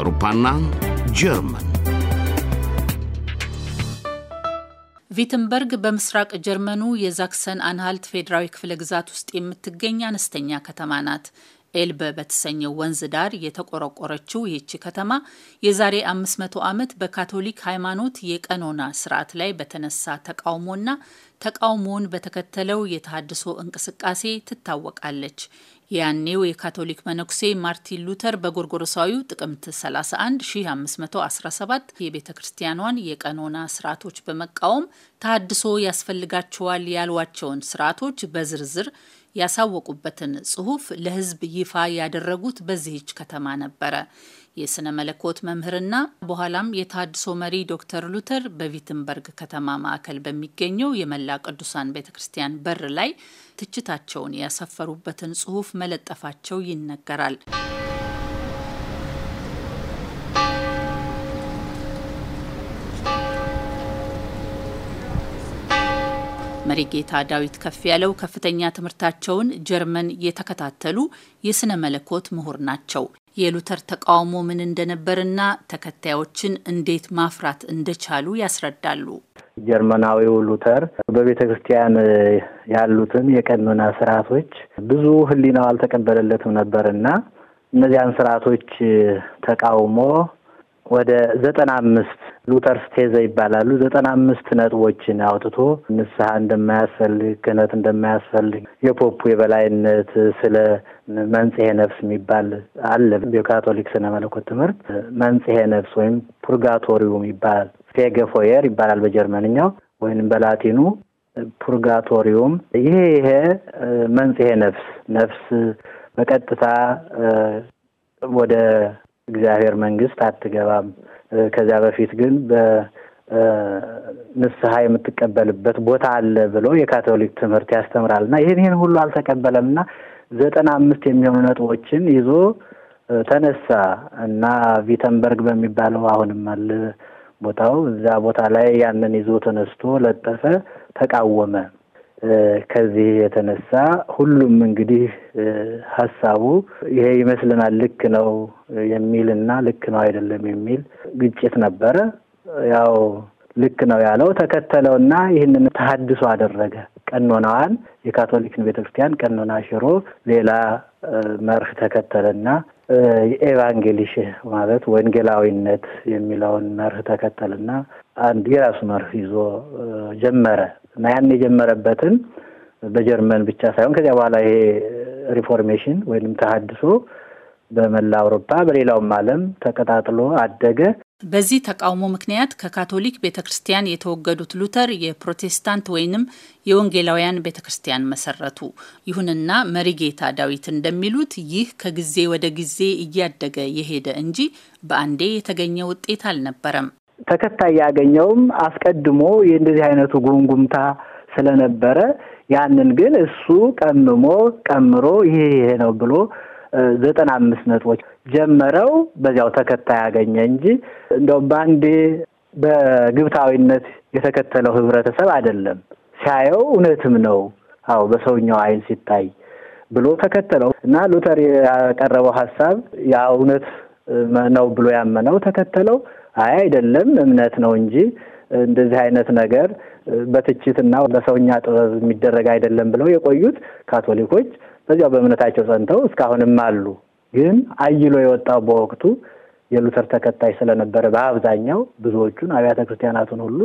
አውሮፓና ጀርመን ቪትንበርግ በምስራቅ ጀርመኑ የዛክሰን አንሃልት ፌዴራዊ ክፍለ ግዛት ውስጥ የምትገኝ አነስተኛ ከተማ ናት። ኤልበ በተሰኘው ወንዝ ዳር የተቆረቆረችው ይህቺ ከተማ የዛሬ 500 ዓመት በካቶሊክ ሃይማኖት የቀኖና ስርዓት ላይ በተነሳ ተቃውሞና ተቃውሞውን በተከተለው የተሃድሶ እንቅስቃሴ ትታወቃለች። ያኔው የካቶሊክ መነኩሴ ማርቲን ሉተር በጎርጎሮሳዊው ጥቅምት 31 1517 የቤተ ክርስቲያኗን የቀኖና ስርዓቶች በመቃወም ታድሶ ያስፈልጋቸዋል ያሏቸውን ስርዓቶች በዝርዝር ያሳወቁበትን ጽሁፍ ለሕዝብ ይፋ ያደረጉት በዚህች ከተማ ነበረ። የስነ መለኮት መምህርና በኋላም የታድሶ መሪ ዶክተር ሉተር በቪትንበርግ ከተማ ማዕከል በሚገኘው የመላ ቅዱሳን ቤተ ክርስቲያን በር ላይ ትችታቸውን ያሰፈሩበትን ጽሑፍ መለጠፋቸው ይነገራል። ጌታ ዳዊት ከፍ ያለው ከፍተኛ ትምህርታቸውን ጀርመን የተከታተሉ የስነ መለኮት ምሁር ናቸው። የሉተር ተቃውሞ ምን እንደነበርና ተከታዮችን እንዴት ማፍራት እንደቻሉ ያስረዳሉ። ጀርመናዊው ሉተር በቤተ ክርስቲያን ያሉትን የቀኖና ስርዓቶች ብዙ ሕሊናው አልተቀበለለትም ነበርና እነዚያን ስርዓቶች ተቃውሞ ወደ ዘጠና አምስት ሉተር ስቴዘ ይባላሉ። ዘጠና አምስት ነጥቦችን አውጥቶ ንስሐ እንደማያስፈልግ ክህነት እንደማያስፈልግ የፖፑ የበላይነት ስለ መንጽሄ ነፍስ የሚባል አለ። የካቶሊክ ስነ መለኮት ትምህርት መንጽሄ ነፍስ ወይም ፑርጋቶሪውም ይባላል። ፌገፎየር ይባላል በጀርመንኛው ወይም በላቲኑ ፑርጋቶሪውም። ይሄ ይሄ መንጽሄ ነፍስ ነፍስ በቀጥታ ወደ እግዚአብሔር መንግስት አትገባም ከዚያ በፊት ግን በንስሐ የምትቀበልበት ቦታ አለ ብሎ የካቶሊክ ትምህርት ያስተምራል እና ይህን ይህን ሁሉ አልተቀበለም እና ዘጠና አምስት የሚሆኑ ነጥቦችን ይዞ ተነሳ እና ቪተንበርግ በሚባለው አሁንም አለ ቦታው እዛ ቦታ ላይ ያንን ይዞ ተነስቶ ለጠፈ፣ ተቃወመ። ከዚህ የተነሳ ሁሉም እንግዲህ ሀሳቡ ይሄ ይመስልናል ልክ ነው የሚል እና ልክ ነው አይደለም የሚል ግጭት ነበረ። ያው ልክ ነው ያለው ተከተለውና ይህንን ተሀድሶ አደረገ። ቀኖናዋን የካቶሊክን ቤተክርስቲያን ቀኖና ሽሮ ሌላ መርህ ተከተለና ኤቫንጌሊሽ ማለት ወንጌላዊነት የሚለውን መርህ ተከተልና አንድ የራሱ መርህ ይዞ ጀመረ። እና ያን የጀመረበትን በጀርመን ብቻ ሳይሆን ከዚያ በኋላ ይሄ ሪፎርሜሽን ወይም ተሀድሶ በመላ አውሮፓ በሌላውም ዓለም ተቀጣጥሎ አደገ። በዚህ ተቃውሞ ምክንያት ከካቶሊክ ቤተ ክርስቲያን የተወገዱት ሉተር የፕሮቴስታንት ወይንም የወንጌላውያን ቤተ ክርስቲያን መሰረቱ። ይሁንና መሪጌታ ዳዊት እንደሚሉት ይህ ከጊዜ ወደ ጊዜ እያደገ የሄደ እንጂ በአንዴ የተገኘ ውጤት አልነበረም። ተከታይ ያገኘውም አስቀድሞ የእንደዚህ አይነቱ ጉንጉምታ ስለነበረ ያንን ግን እሱ ቀምሞ ቀምሮ ይሄ ይሄ ነው ብሎ ዘጠና አምስት ነጥቦች ጀመረው። በዚያው ተከታይ ያገኘ እንጂ እንደውም በአንዴ በግብታዊነት የተከተለው ህብረተሰብ አይደለም። ሲያየው እውነትም ነው፣ አዎ በሰውኛው አይን ሲታይ ብሎ ተከተለው እና ሉተር ያቀረበው ሀሳብ ያ እውነት ነው ብሎ ያመነው ተከተለው። አይ አይደለም እምነት ነው እንጂ እንደዚህ አይነት ነገር በትችትና በሰውኛ ጥበብ የሚደረግ አይደለም ብለው የቆዩት ካቶሊኮች በዚያው በእምነታቸው ጸንተው እስካሁንም አሉ። ግን አይሎ የወጣው በወቅቱ የሉተር ተከታይ ስለነበረ በአብዛኛው ብዙዎቹን አብያተ ክርስቲያናቱን ሁሉ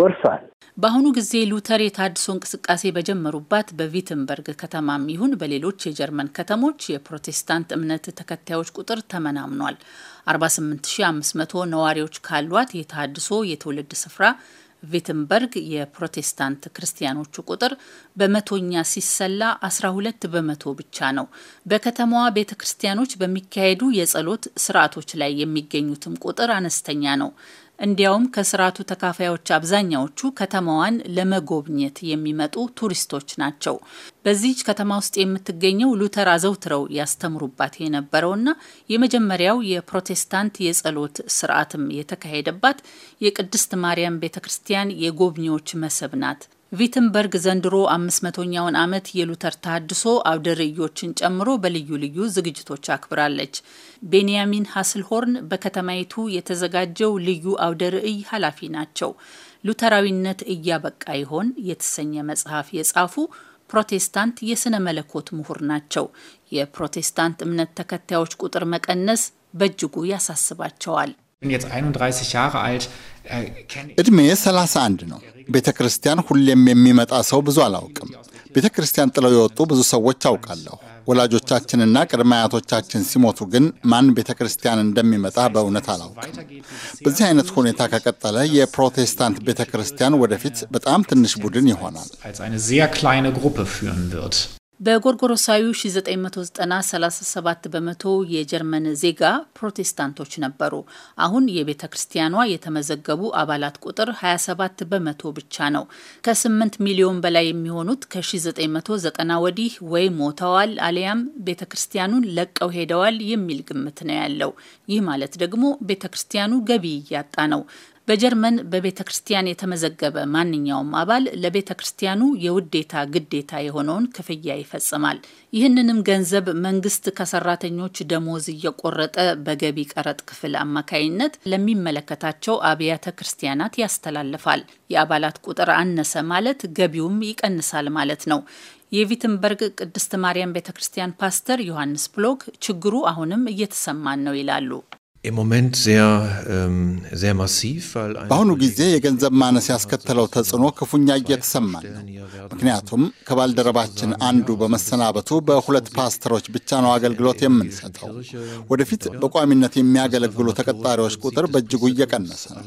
ወርሷል። በአሁኑ ጊዜ ሉተር የታድሶ እንቅስቃሴ በጀመሩባት በቪትንበርግ ከተማም ይሁን በሌሎች የጀርመን ከተሞች የፕሮቴስታንት እምነት ተከታዮች ቁጥር ተመናምኗል። 48500 ነዋሪዎች ካሏት የታድሶ የትውልድ ስፍራ ቪትንበርግ የፕሮቴስታንት ክርስቲያኖቹ ቁጥር በመቶኛ ሲሰላ 12 በመቶ ብቻ ነው። በከተማዋ ቤተ ክርስቲያኖች በሚካሄዱ የጸሎት ስርዓቶች ላይ የሚገኙትም ቁጥር አነስተኛ ነው። እንዲያውም ከስርዓቱ ተካፋዮች አብዛኛዎቹ ከተማዋን ለመጎብኘት የሚመጡ ቱሪስቶች ናቸው። በዚህች ከተማ ውስጥ የምትገኘው ሉተር አዘውትረው ያስተምሩባት የነበረውና የመጀመሪያው የፕሮቴስታንት የጸሎት ስርዓትም የተካሄደባት የቅድስት ማርያም ቤተ ክርስቲያን የጎብኚዎች መስህብ ናት። ቪትንበርግ ዘንድሮ አምስት መቶኛውን ዓመት የሉተር ታድሶ አውደ ርዕዮችን ጨምሮ በልዩ ልዩ ዝግጅቶች አክብራለች። ቤንያሚን ሀስልሆርን በከተማይቱ የተዘጋጀው ልዩ አውደ ርዕይ ኃላፊ ናቸው። ሉተራዊነት እያበቃ ይሆን የተሰኘ መጽሐፍ የጻፉ ፕሮቴስታንት የሥነ መለኮት ምሁር ናቸው። የፕሮቴስታንት እምነት ተከታዮች ቁጥር መቀነስ በእጅጉ ያሳስባቸዋል። bin jetzt 31 Jahre alt. እድሜ äh, ሰላሳ አንድ ነው። ቤተ ክርስቲያን ሁሌም የሚመጣ ሰው ብዙ አላውቅም። ቤተ ክርስቲያን ጥለው የወጡ ብዙ ሰዎች አውቃለሁ። ወላጆቻችንና ቅድመ አያቶቻችን ሲሞቱ ግን ማን ቤተ ክርስቲያን እንደሚመጣ በእውነት አላውቅም። በዚህ አይነት ሁኔታ ከቀጠለ የፕሮቴስታንት ቤተ ክርስቲያን ወደፊት በጣም ትንሽ ቡድን ይሆናል። በጎርጎሮሳዊ 1990 በመቶ የጀርመን ዜጋ ፕሮቴስታንቶች ነበሩ። አሁን የቤተ ክርስቲያኗ የተመዘገቡ አባላት ቁጥር 27 በመቶ ብቻ ነው። ከ8 ሚሊዮን በላይ የሚሆኑት ከ1990 ወዲህ ወይ ሞተዋል አሊያም ቤተ ክርስቲያኑን ለቀው ሄደዋል የሚል ግምት ነው ያለው። ይህ ማለት ደግሞ ቤተ ክርስቲያኑ ገቢ እያጣ ነው። በጀርመን በቤተ ክርስቲያን የተመዘገበ ማንኛውም አባል ለቤተ ክርስቲያኑ የውዴታ ግዴታ የሆነውን ክፍያ ይፈጽማል። ይህንንም ገንዘብ መንግስት ከሰራተኞች ደሞዝ እየቆረጠ በገቢ ቀረጥ ክፍል አማካይነት ለሚመለከታቸው አብያተ ክርስቲያናት ያስተላልፋል። የአባላት ቁጥር አነሰ ማለት ገቢውም ይቀንሳል ማለት ነው። የቪትንበርግ ቅድስት ማርያም ቤተ ክርስቲያን ፓስተር ዮሐንስ ብሎክ ችግሩ አሁንም እየተሰማን ነው ይላሉ። Ähm, በአሁኑ ጊዜ የገንዘብ ማነስ ያስከተለው ተጽዕኖ ክፉኛ እየተሰማን ነው። ምክንያቱም ከባልደረባችን አንዱ በመሰናበቱ በሁለት ፓስተሮች ብቻ ነው አገልግሎት የምንሰጠው። ወደፊት በቋሚነት የሚያገለግሉ ተቀጣሪዎች ቁጥር በእጅጉ እየቀነሰ ነው።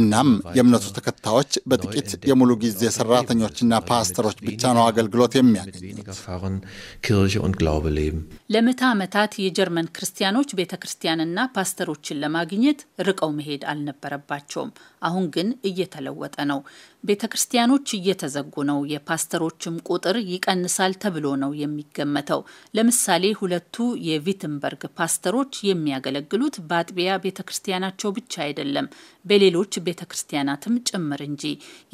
እናም የእምነቱ ተከታዮች በጥቂት የሙሉ ጊዜ ሰራተኞችና ፓስተሮች ብቻ ነው አገልግሎት የሚያገኙት። ለምዕተ ዓመታት የጀርመን ክርስቲያኖች ቤተ ክርስቲያንና ፓስተሮችን ለማግኘት ርቀው መሄድ አልነበረባቸውም። አሁን ግን እየተለወጠ ነው። ቤተ ክርስቲያኖች እየተዘጉ ነው፣ የፓስተሮችም ቁጥር ይቀንሳል ተብሎ ነው የሚገመተው። ለምሳሌ ሁለቱ የቪትንበርግ ፓስተሮች የሚያገለግሉት በአጥቢያ ቤተ ክርስቲያናቸው ብቻ አይደለም፣ በሌሎች ቤተ ክርስቲያናትም ጭምር እንጂ።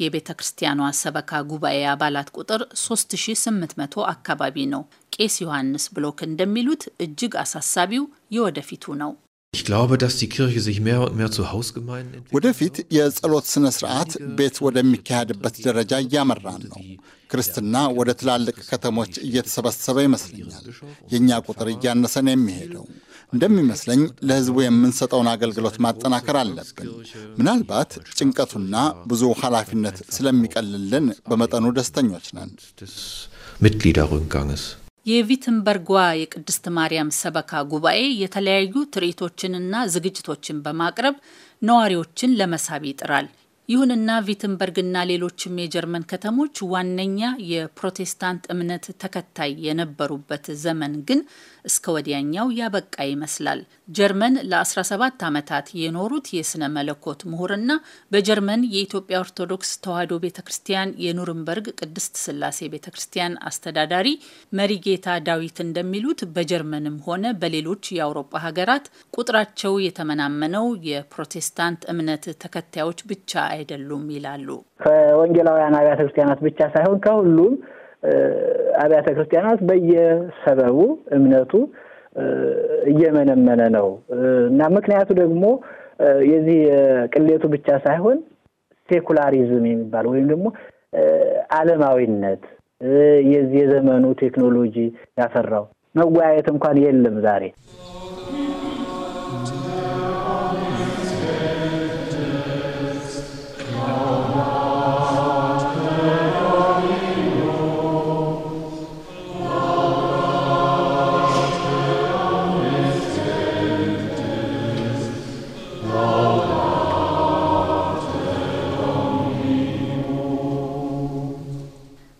የቤተ ክርስቲያኗ ሰበካ ጉባኤ አባላት ቁጥር 3800 አካባቢ ነው። ቄስ ዮሐንስ ብሎክ እንደሚሉት እጅግ አሳሳቢው የወደፊቱ ነው። ወደፊት የጸሎት ስነ ስርዓት ቤት ወደሚካሄድበት ደረጃ እያመራን ነው። ክርስትና ወደ ትላልቅ ከተሞች እየተሰበሰበ ይመስለኛል። የእኛ ቁጥር እያነሰ ነው የሚሄደው። እንደሚመስለኝ ለሕዝቡ የምንሰጠውን አገልግሎት ማጠናከር አለብን። ምናልባት ጭንቀቱና ብዙ ኃላፊነት ስለሚቀልልን በመጠኑ ደስተኞች ነን። የቪትንበርጓ የቅድስት ማርያም ሰበካ ጉባኤ የተለያዩ ትርኢቶችንና ዝግጅቶችን በማቅረብ ነዋሪዎችን ለመሳብ ይጥራል። ይሁንና ቪትንበርግና ሌሎችም የጀርመን ከተሞች ዋነኛ የፕሮቴስታንት እምነት ተከታይ የነበሩበት ዘመን ግን እስከ ወዲያኛው ያበቃ ይመስላል። ጀርመን ለ17 ዓመታት የኖሩት የሥነ መለኮት ምሁርና በጀርመን የኢትዮጵያ ኦርቶዶክስ ተዋሕዶ ቤተ ክርስቲያን የኑርንበርግ ቅድስት ስላሴ ቤተ ክርስቲያን አስተዳዳሪ መሪጌታ ዳዊት እንደሚሉት በጀርመንም ሆነ በሌሎች የአውሮፓ ሀገራት ቁጥራቸው የተመናመነው የፕሮቴስታንት እምነት ተከታዮች ብቻ አይደሉም ይላሉ። ከወንጌላውያን አብያተ ክርስቲያናት ብቻ ሳይሆን ከሁሉም አብያተ ክርስቲያናት በየሰበቡ እምነቱ እየመነመነ ነው እና ምክንያቱ ደግሞ የዚህ ቅሌቱ ብቻ ሳይሆን ሴኩላሪዝም የሚባል ወይም ደግሞ ዓለማዊነት የዚህ የዘመኑ ቴክኖሎጂ ያፈራው መወያየት እንኳን የለም ዛሬ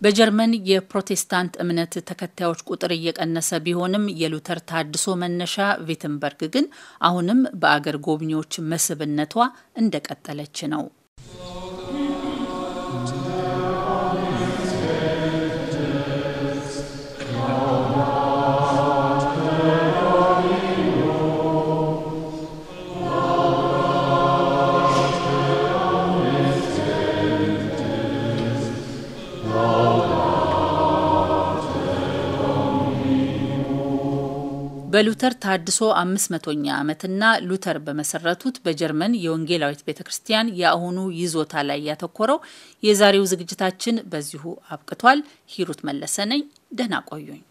በጀርመን የፕሮቴስታንት እምነት ተከታዮች ቁጥር እየቀነሰ ቢሆንም የሉተር ታድሶ መነሻ ቪትንበርግ ግን አሁንም በአገር ጎብኚዎች መስህብነቷ እንደቀጠለች ነው። በሉተር ታድሶ 500ኛ ዓመትና ሉተር በመሰረቱት በጀርመን የወንጌላዊት ቤተ ክርስቲያን የአሁኑ ይዞታ ላይ ያተኮረው የዛሬው ዝግጅታችን በዚሁ አብቅቷል። ሂሩት መለሰ ነኝ። ደህና ቆዩኝ።